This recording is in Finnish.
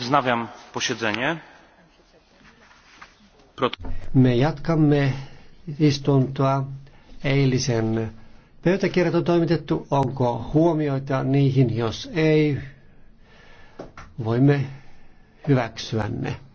Wznawiam posiedzenie. Me jatkamme istuntoa eilisen. Pöytäkirjat on toimitettu. Onko huomioita niihin? Jos ei, voimme hyväksyä ne.